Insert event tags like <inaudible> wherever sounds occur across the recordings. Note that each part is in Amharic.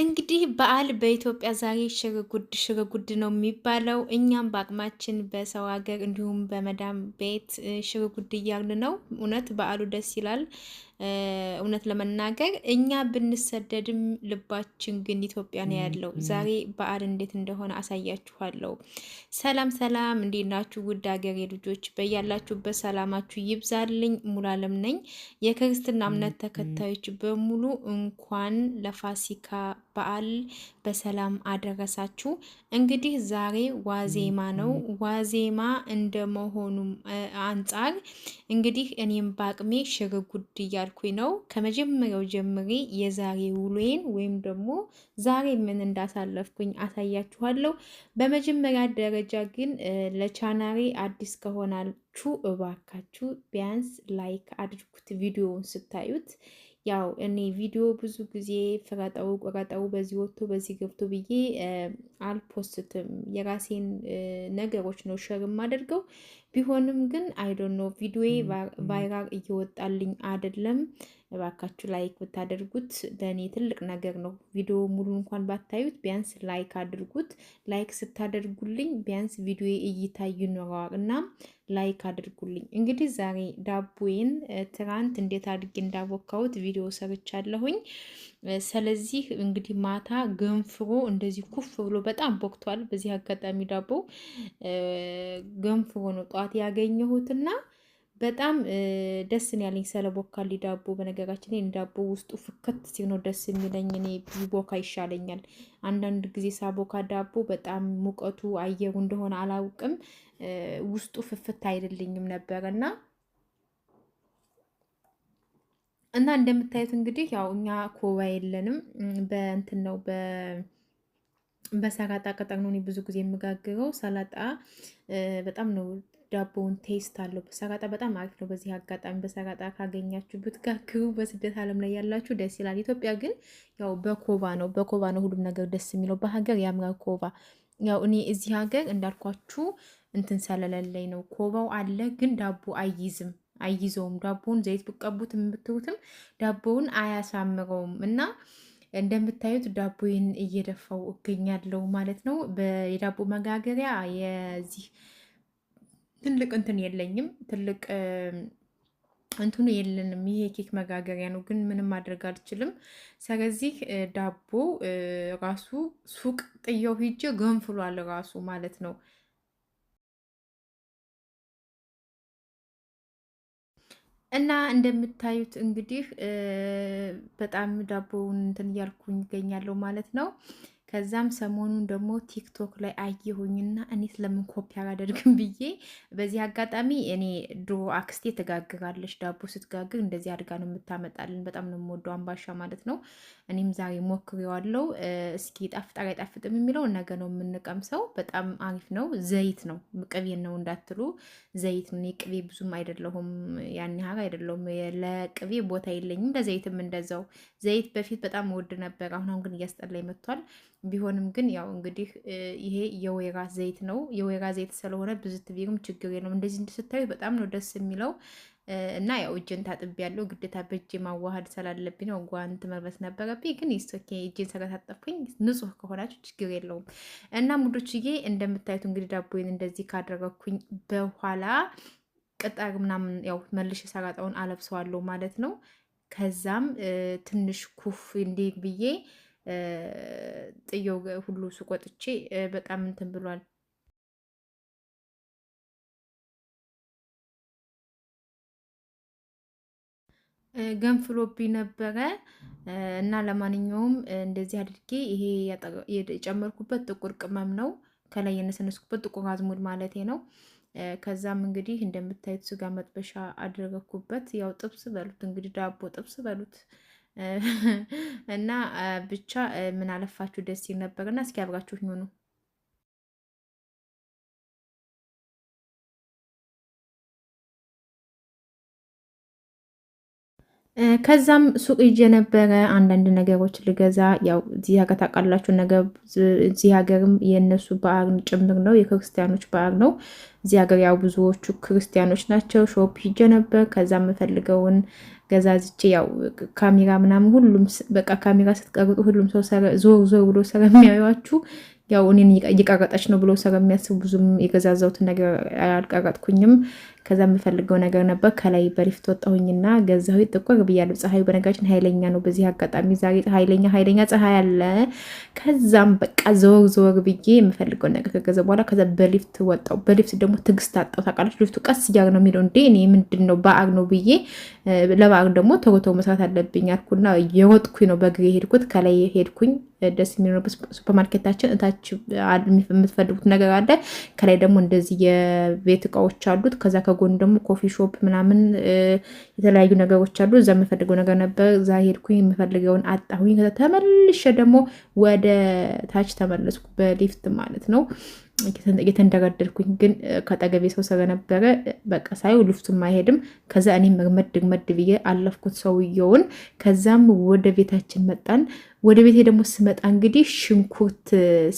እንግዲህ በዓል በኢትዮጵያ ዛሬ ሽርጉድ ሽርጉድ ነው የሚባለው። እኛም በአቅማችን በሰው ሀገር እንዲሁም በመዳም ቤት ሽርጉድ እያልን ነው። እውነት በዓሉ ደስ ይላል። እውነት ለመናገር እኛ ብንሰደድም ልባችን ግን ኢትዮጵያ ነው ያለው። ዛሬ በዓል እንዴት እንደሆነ አሳያችኋለሁ። ሰላም ሰላም፣ እንዴት ናችሁ ውድ ሀገሬ ልጆች? በያላችሁበት ሰላማችሁ ይብዛልኝ። ሙሉዓለም ነኝ። የክርስትና እምነት ተከታዮች በሙሉ እንኳን ለፋሲካ በዓል በሰላም አደረሳችሁ። እንግዲህ ዛሬ ዋዜማ ነው። ዋዜማ እንደመሆኑም አንጻር እንግዲህ እኔም በአቅሜ ሽር ጉድ እያል እያልኩኝ ነው። ከመጀመሪያው ጀምሬ የዛሬ ውሎዬን ወይም ደግሞ ዛሬ ምን እንዳሳለፍኩኝ አሳያችኋለሁ። በመጀመሪያ ደረጃ ግን ለቻናሬ አዲስ ከሆናችሁ እባካችሁ ቢያንስ ላይክ አድርጉት ቪዲዮውን ስታዩት። ያው እኔ ቪዲዮ ብዙ ጊዜ ፍረጠው ቁረጠው፣ በዚህ ወጥቶ በዚህ ገብቶ ብዬ አልፖስትም። የራሴን ነገሮች ነው ሸር የማደርገው ቢሆንም ግን አይዶኖ ቪዲዮ ቪዲዮዬ ቫይራል እየወጣልኝ አይደለም። እባካችሁ ላይክ ብታደርጉት ለእኔ ትልቅ ነገር ነው። ቪዲዮ ሙሉ እንኳን ባታዩት ቢያንስ ላይክ አድርጉት። ላይክ ስታደርጉልኝ ቢያንስ ቪዲዮ እይታ ይኖረዋል እና ላይክ አድርጉልኝ። እንግዲህ ዛሬ ዳቦዬን ትናንት እንዴት አድርጌ እንዳቦካሁት ቪዲዮ ሰርቻለሁኝ። ስለዚህ እንግዲህ ማታ ገንፍሮ እንደዚህ ኩፍ ብሎ በጣም ቦክቷል። በዚህ አጋጣሚ ዳቦ ገንፍሮ ነው ጠዋት ያገኘሁትና በጣም ደስ ነው ያለኝ። ስለ ቦካሊ ዳቦ በነገራችን ላይ ዳቦ ውስጡ ፍከት ሲሆን ደስ የሚለኝ እኔ ቢቦካ ይሻለኛል። አንዳንድ ጊዜ ሳቦካ ዳቦ በጣም ሙቀቱ አየሩ እንደሆነ አላውቅም፣ ውስጡ ፍፍት አይደልኝም ነበር እና እና እንደምታዩት እንግዲህ ያው እኛ ኮባ የለንም በእንትን ነው በ በሰላጣ ቅጠል ነው ብዙ ጊዜ የምጋግረው ሰላጣ በጣም ነው ዳቦውን ቴስት አለው። በሰጋጣ በጣም አሪፍ ነው። በዚህ አጋጣሚ በሰጋጣ ካገኛችሁ ብትጋግሩ፣ በስደት ዓለም ላይ ያላችሁ ደስ ይላል። ኢትዮጵያ ግን ያው በኮባ ነው በኮባ ነው ሁሉም ነገር ደስ የሚለው። በሀገር ያምራል ኮባ። ያው እኔ እዚህ ሀገር እንዳልኳችሁ እንትን ሰለለለይ ነው። ኮባው አለ ግን ዳቦ አይይዝም አይይዘውም። ዳቦውን ዘይት ብቀቡት የምትሩትም ዳቦውን አያሳምረውም እና እንደምታዩት ዳቦዬን እየደፋው እገኛለሁ ማለት ነው። የዳቦ መጋገሪያ የዚህ ትልቅ እንትን የለኝም፣ ትልቅ እንትኑ የለንም። ይሄ ኬክ መጋገሪያ ነው፣ ግን ምንም ማድረግ አልችልም። ስለዚህ ዳቦ ራሱ ሱቅ ጥየው ሂጄ ገንፍሏል ራሱ ማለት ነው። እና እንደምታዩት እንግዲህ በጣም ዳቦውን እንትን እያልኩኝ ይገኛለሁ ማለት ነው። ከዛም ሰሞኑን ደግሞ ቲክቶክ ላይ አየሁኝና እኔት ለምን ኮፒ አላደርግም ብዬ በዚህ አጋጣሚ እኔ ድሮ አክስቴ ትጋግራለች። ዳቦ ስትጋግር እንደዚህ አድጋ ነው የምታመጣልን። በጣም ነው የምወደው አምባሻ ማለት ነው። እኔም ዛሬ ሞክሬዋለሁ። እስኪ ጣፍጣሪ አይጣፍጥም የሚለው ነገ ነው የምንቀምሰው። በጣም አሪፍ ነው። ዘይት ነው ቅቤ ነው እንዳትሉ፣ ዘይት ነው። ቅቤ ብዙም አይደለሁም፣ ያን ያህል አይደለሁም። ለቅቤ ቦታ የለኝም፣ ለዘይትም እንደዛው። ዘይት በፊት በጣም ወድ ነበር፣ አሁን አሁን ግን እያስጠላኝ መጥቷል። ቢሆንም ግን ያው እንግዲህ ይሄ የወይራ ዘይት ነው። የወይራ ዘይት ስለሆነ ብዙ ትቢርም ችግር የለውም። እንደዚህ እንድስታዩ በጣም ነው ደስ የሚለው እና ያው እጄን ታጥቤ ያለው ግዴታ በእጄ ማዋሃድ ስላለብኝ ነው። ጓንት መልበስ ነበረብኝ፣ ግን ይስቶኬ እጄን ስለታጠብኩኝ ንጹህ ከሆናችሁ ችግር የለውም። እና ሙዶችዬ እንደምታዩት እንግዲህ ዳቦዬን እንደዚህ ካደረግኩኝ በኋላ ቅጠር ምናምን ያው መልሼ ሰራጣውን አለብሰዋለሁ ማለት ነው። ከዛም ትንሽ ኩፍ እንዲህ ብዬ ጥየው ሁሉ ስቆጥቼ በጣም እንትን ብሏል። ገንፍሎብኝ ነበረ እና ለማንኛውም እንደዚህ አድርጌ ይሄ የጨመርኩበት ጥቁር ቅመም ነው። ከላይ የነሰነስኩበት ጥቁር አዝሙድ ማለቴ ነው። ከዛም እንግዲህ እንደምታዩት ስጋ መጥበሻ አድረገኩበት። ያው ጥብስ በሉት እንግዲህ ዳቦ ጥብስ በሉት። <laughs> እና ብቻ ምን አለፋችሁ ደስ ይል ነበር እና እስኪ አብራችሁ ሁኑ። ከዛም ሱቅ ሂጄ ነበረ አንዳንድ ነገሮች ልገዛ። ያው እዚህ ሀገር ታውቃላችሁ ነገር እዚህ ሀገርም የእነሱ በዓል ጭምር ነው፣ የክርስቲያኖች በዓል ነው። እዚህ ሀገር ያው ብዙዎቹ ክርስቲያኖች ናቸው። ሾፕ ሂጄ ነበር። ከዛ የምፈልገውን ገዛዝቼ ያው ካሜራ ምናምን ሁሉም በቃ ካሜራ ስትቀርጡ ሁሉም ሰው ዞር ዞር ብሎ ስለሚያዩዋችሁ ያው እኔን እየቀረጠች ነው ብሎ ስለሚያስብ ብዙም የገዛዛውትን ነገር አልቀረጥኩኝም። ከዛ የምፈልገው ነገር ነበር። ከላይ በሪፍት ወጣሁኝና ገዛሁ። ጥቆር ብያለሁ። ፀሐዩ በነጋችን ኃይለኛ ነው። በዚህ አጋጣሚ ዛሬ ኃይለኛ ኃይለኛ ፀሐይ አለ። ከዛም በቃ ዘወር ዘወር ብዬ የምፈልገው ነገር ከገዛ በኋላ ከዛ በሊፍት ወጣው። በሊፍት ደግሞ ትግስት አጣው። ታውቃለች ሊፍቱ ቀስ እያር ነው የሚለው። እንዴ እኔ ምንድን ነው በአር ነው ብዬ ለበአር ደግሞ ተጎተው መስራት አለብኝ አልኩና የወጥኩኝ ነው በእግሬ ሄድኩት። ከላይ ሄድኩኝ ደስ የሚሆነበት ሱፐርማርኬታችን እታች የምትፈልጉት ነገር አለ። ከላይ ደግሞ እንደዚህ የቤት እቃዎች አሉት። ከዛ ከጎን ደግሞ ኮፊ ሾፕ ምናምን የተለያዩ ነገሮች አሉ። እዛ የምፈልገው ነገር ነበር። እዛ ሄድኩኝ፣ የምፈልገውን አጣሁኝ። ከዛ ተመልሼ ደግሞ ወደ ታች ተመለስኩ በሊፍት ማለት ነው። እየተንደረደርኩኝ ግን ከጠገቤ ሰው ስለነበረ በቃ ሳይው ልፍቱም አይሄድም። ከዛ እኔ መግመድ ድግመድ ብዬ አለፍኩት ሰውየውን። ከዛም ወደ ቤታችን መጣን። ወደ ቤቴ ደግሞ ስመጣ እንግዲህ ሽንኩርት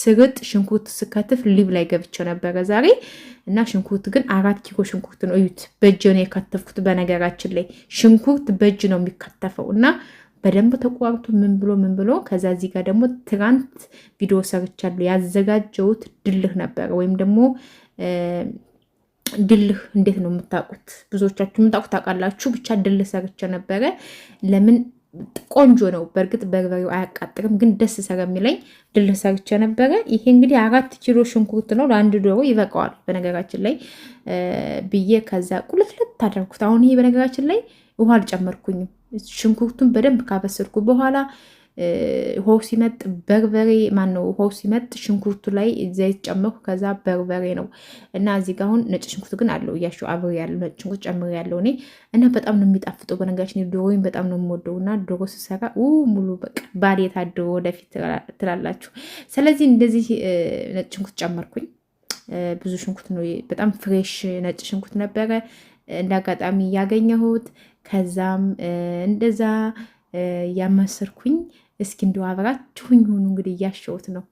ስርጥ ሽንኩርት ስከትፍ ሊብ ላይ ገብቸው ነበረ ዛሬ እና ሽንኩርት ግን አራት ኪሎ ሽንኩርት ነው እዩት። በእጅ ነው የከተፍኩት። በነገራችን ላይ ሽንኩርት በእጅ ነው የሚከተፈው እና በደንብ ተቆራርቶ ምን ብሎ ምን ብሎ ከዛ እዚህ ጋር ደግሞ ትናንት ቪዲዮ ሰርቻለሁ ያዘጋጀሁት ድልህ ነበረ ወይም ደግሞ ድልህ እንዴት ነው የምታውቁት? ብዙዎቻችሁ የምታውቁት ታውቃላችሁ። ብቻ ድልህ ሰርቼ ነበረ። ለምን ቆንጆ ነው። በእርግጥ በርበሬው አያቃጥልም፣ ግን ደስ ስለሚለኝ ድልህ ሰርቼ ነበረ። ይሄ እንግዲህ አራት ኪሎ ሽንኩርት ነው ለአንድ ዶሮ ይበቃዋል፣ በነገራችን ላይ ብዬ ከዛ ቁልትልት አደረኩት። አሁን ይሄ በነገራችን ላይ ውሃ አልጨመርኩኝም። ሽንኩርቱን በደንብ ካበሰልኩ በኋላ ውሃው ሲመጥ በርበሬ ማን ነው ውሃው ሲመጥ ሽንኩርቱ ላይ ዘይት ጨመርኩ። ከዛ በርበሬ ነው እና እዚህ ጋር አሁን ነጭ ሽንኩርት ግን አለው እያሸው አብሬ ያለው ነጭ ሽንኩርት ጨምሬ ያለው እኔ እና በጣም ነው የሚጣፍጠው። በነገራችን ዶሮን በጣም ነው የምወደው እና ዶሮ ስሰራ ሙሉ በቃ ባል ታድሮ ወደፊት ትላላችሁ። ስለዚህ እንደዚህ ነጭ ሽንኩርት ጨመርኩኝ። ብዙ ሽንኩርት ነው በጣም ፍሬሽ ነጭ ሽንኩርት ነበረ እንደ አጋጣሚ ያገኘሁት። ከዛም እንደዛ ያመስርኩኝ እስኪ እንዲያው አብራችሁኝ ሆኑ። እንግዲህ እያሸሁት ነው።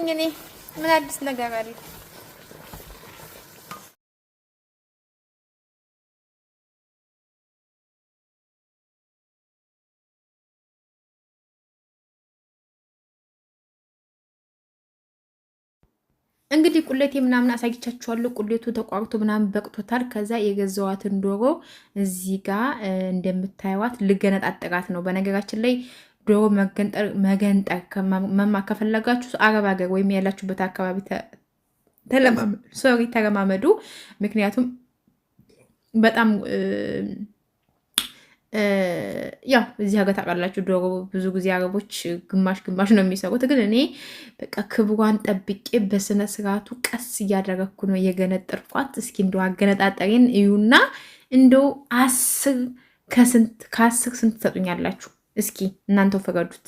እኔ ምን አዲስ ነገር አለ? እንግዲህ ቁሌቴ ምናምን አሳይቻችኋለሁ። ቁሌቱ ተቋርቶ ምናምን በቅቶታል። ከዛ የገዛዋትን ዶሮ እዚህ ጋር እንደምታዩዋት ልገነጣጥራት ነው። በነገራችን ላይ ዶሮ መገንጠር መማር ከፈለጋችሁ አረብ ሀገር ወይም ያላችሁበት አካባቢ ሶሪ ተለማመዱ። ምክንያቱም በጣም ያው እዚህ ሀገር ታውቃላችሁ፣ ዶሮ ብዙ ጊዜ አረቦች ግማሽ ግማሽ ነው የሚሰሩት። ግን እኔ በቃ ክብሯን ጠብቄ በስነ ስርዓቱ ቀስ እያደረግኩ ነው የገነጠርኳት። እስኪ እንደው አገነጣጠሬን እዩና እንደው አስር ከስንት ከአስር ስንት ትሰጡኛላችሁ? እስኪ እናንተው ፈቀዱት።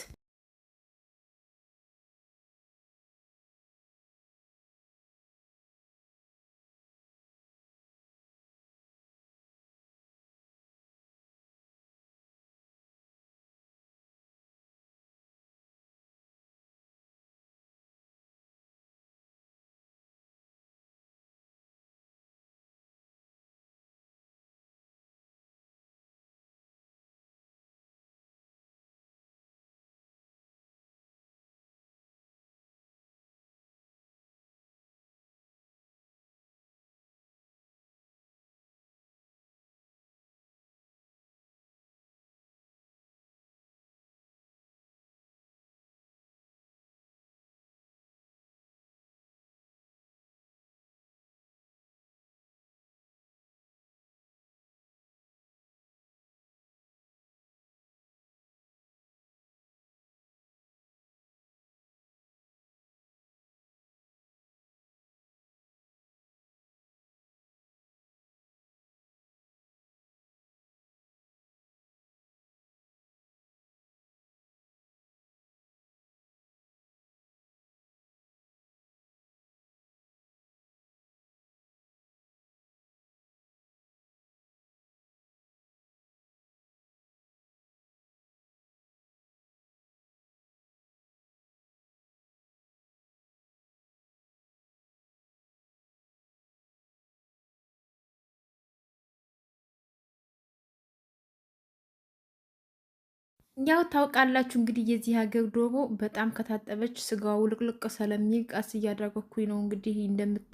ያው ታውቃላችሁ እንግዲህ የዚህ ሀገር ዶሮ በጣም ከታጠበች ስጋዋ ውልቅልቅ ስለሚል ቀስ እያደረኩኝ ነው እንግዲህ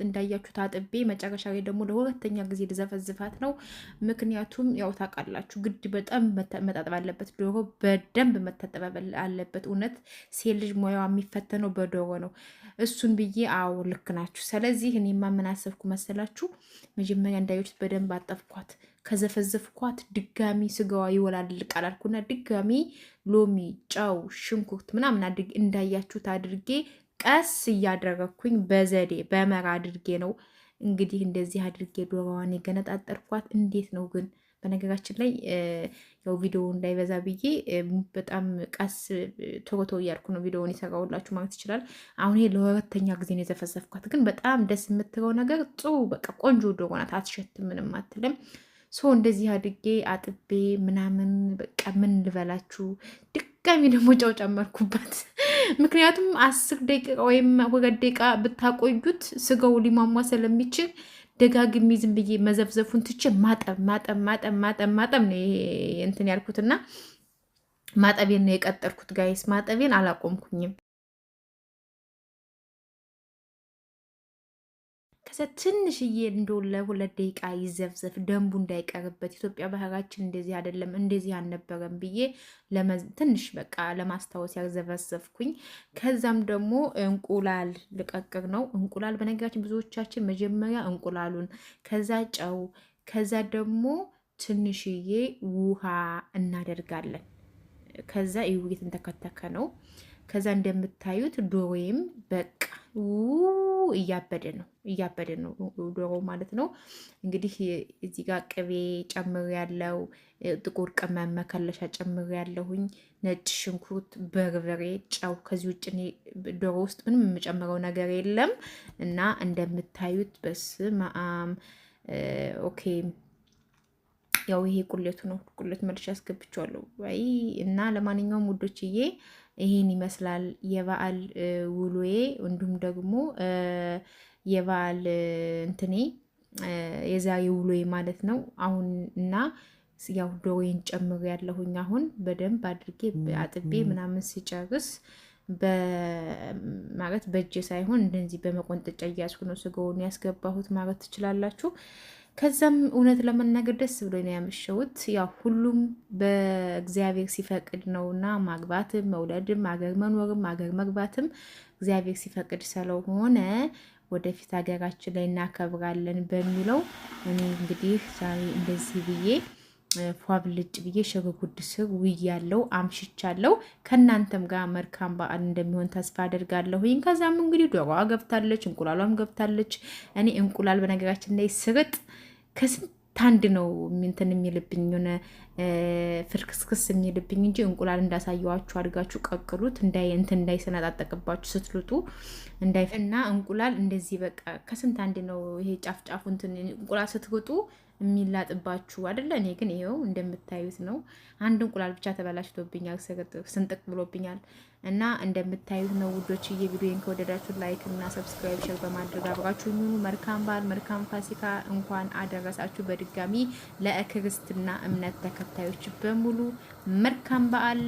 እንዳያችሁ ታጥቤ፣ መጨረሻ ላይ ደግሞ ለሁለተኛ ጊዜ ልዘፈዝፋት ነው። ምክንያቱም ያው ታውቃላችሁ ግድ በጣም መታጠብ አለበት፣ ዶሮ በደንብ መታጠብ አለበት። እውነት ሴት ልጅ ሙያዋ የሚፈተነው በዶሮ ነው። እሱን ብዬ አዎ ልክ ናችሁ። ስለዚህ እኔማ ምን አሰብኩ መሰላችሁ? መጀመሪያ እንዳያችሁት በደንብ አጠብኳት። ከዘፈዘፍኳት ድጋሚ ስጋዋ ይወላል አልኩና ድጋሚ ሎሚ፣ ጨው፣ ሽንኩርት ምናምን እንዳያችሁት አድርጌ ቀስ እያደረግኩኝ በዘዴ በመራ አድርጌ ነው እንግዲህ እንደዚህ አድርጌ ዶሮዋን የገነጣጠርኳት። እንዴት ነው ግን በነገራችን ላይ ያው ቪዲዮ እንዳይበዛ ብዬ በጣም ቀስ ቶሮቶ እያልኩ ነው ቪዲዮውን የሰራሁላችሁ ማለት ይችላል። አሁን ለሁለተኛ ጊዜ ነው የዘፈዘፍኳት። ግን በጣም ደስ የምትለው ነገር ጥሩ በቃ ቆንጆ ዶሮ ናት። አትሸትም፣ ምንም አትልም። ሶ እንደዚህ አድጌ አጥቤ ምናምን በቃ ምን ልበላችሁ፣ ድጋሚ ደግሞ ጨው ጨመርኩበት። <laughs> ምክንያቱም አስር ደቂቃ ወይም ሁለት ደቂቃ ብታቆዩት ስጋው ሊሟሟ ስለሚችል ደጋግሚ ዝም ብዬ መዘፍዘፉን ትቼ ማጠብ ማጠብ ማጠብ ማጠብ ማጠብ ነው ይሄ እንትን ያልኩትና ማጠቤን ነው የቀጠርኩት። ጋይስ ማጠቤን አላቆምኩኝም። ሀሰት ትንሽዬ እንደው ሁለት ደቂቃ ይዘፍዘፍ ደንቡ እንዳይቀርበት ኢትዮጵያ ባህራችን እንደዚህ አይደለም እንደዚህ አልነበረም ብዬ ትንሽ በቃ ለማስታወስ ያዘፈዘፍኩኝ። ከዛም ደግሞ እንቁላል ልቀቅር ነው። እንቁላል በነገራችን ብዙዎቻችን መጀመሪያ እንቁላሉን ከዛ ጨው ከዛ ደግሞ ትንሽዬ ውሃ እናደርጋለን። ከዛ ይውይት እንተከተከ ነው። ከዛ እንደምታዩት ዶሮዬም በቃ እያበደ ነው እያበደ ነው ዶሮ ማለት ነው። እንግዲህ እዚህ ጋር ቅቤ ጨምር ያለው ጥቁር ቅመም መከለሻ ጨምር ያለሁኝ ነጭ ሽንኩርት፣ በርበሬ፣ ጨው። ከዚህ ውጭ ዶሮ ውስጥ ምንም የምጨምረው ነገር የለም እና እንደምታዩት በስመ አብ ኦኬ። ያው ይሄ ቁሌቱ ነው። ቁሌት መልሼ አስገብቼዋለሁ። ወይ እና ለማንኛውም ውዶችዬ ይሄን ይመስላል የበዓል ውሎዬ፣ እንዲሁም ደግሞ የበዓል እንትኔ የዛሬ ውሎዬ ማለት ነው። አሁን እና ያው ዶሮዬን ጨምሮ ያለሁኝ አሁን በደንብ አድርጌ አጥቤ ምናምን ሲጨርስ ማለት በእጄ ሳይሆን እንደዚህ በመቆንጠጫ እያስኩ ነው ስጋውን ያስገባሁት ማለት ትችላላችሁ። ከዛም እውነት ለመናገር ደስ ብሎ ነው ያመሸሁት። ያው ሁሉም በእግዚአብሔር ሲፈቅድ ነውና ማግባትም መውለድም አገር መኖርም አገር መግባትም እግዚአብሔር ሲፈቅድ ስለሆነ ወደፊት ሀገራችን ላይ እናከብራለን በሚለው እኔ እንግዲህ ዛሬ እንደዚህ ብዬ ፏብልጭ ብዬ ጉድ ስር ውያለው አምሽቻለው። ከእናንተም ጋር መልካም በዓል እንደሚሆን ተስፋ አደርጋለሁኝ። ከዚያም እንግዲህ ዶሮዋ ገብታለች፣ እንቁላሏም ገብታለች። እኔ እንቁላል በነገራችን ላይ ስርጥ ከስንት አንድ ነው እንትን የሚልብኝ የሆነ ፍርክስክስ የሚልብኝ እንጂ እንቁላል እንዳሳየዋችሁ አድጋችሁ ቀቅሉት እንትን እንዳይሰነጣጠቅባችሁ ስትልጡ እና እንቁላል እንደዚህ በቃ ከስንት አንድ ነው ይሄ ጫፍ ጫፉ እንትን እንቁላል ስትውጡ የሚላጥባችሁ አደለ? እኔ ግን ይኸው እንደምታዩት ነው። አንድ እንቁላል ብቻ ተበላሽቶብኛል፣ ስንጥቅ ብሎብኛል እና እንደምታዩት ነው ውዶች። የቪዲዮን ከወደዳችሁ ላይክ እና ሰብስክራይብ፣ ሸር በማድረግ አብራችሁ የሚሆኑ መልካም በዓል፣ መልካም ፋሲካ እንኳን አደረሳችሁ። በድጋሚ ለክርስትና እምነት ተከታዮች በሙሉ መልካም በዓል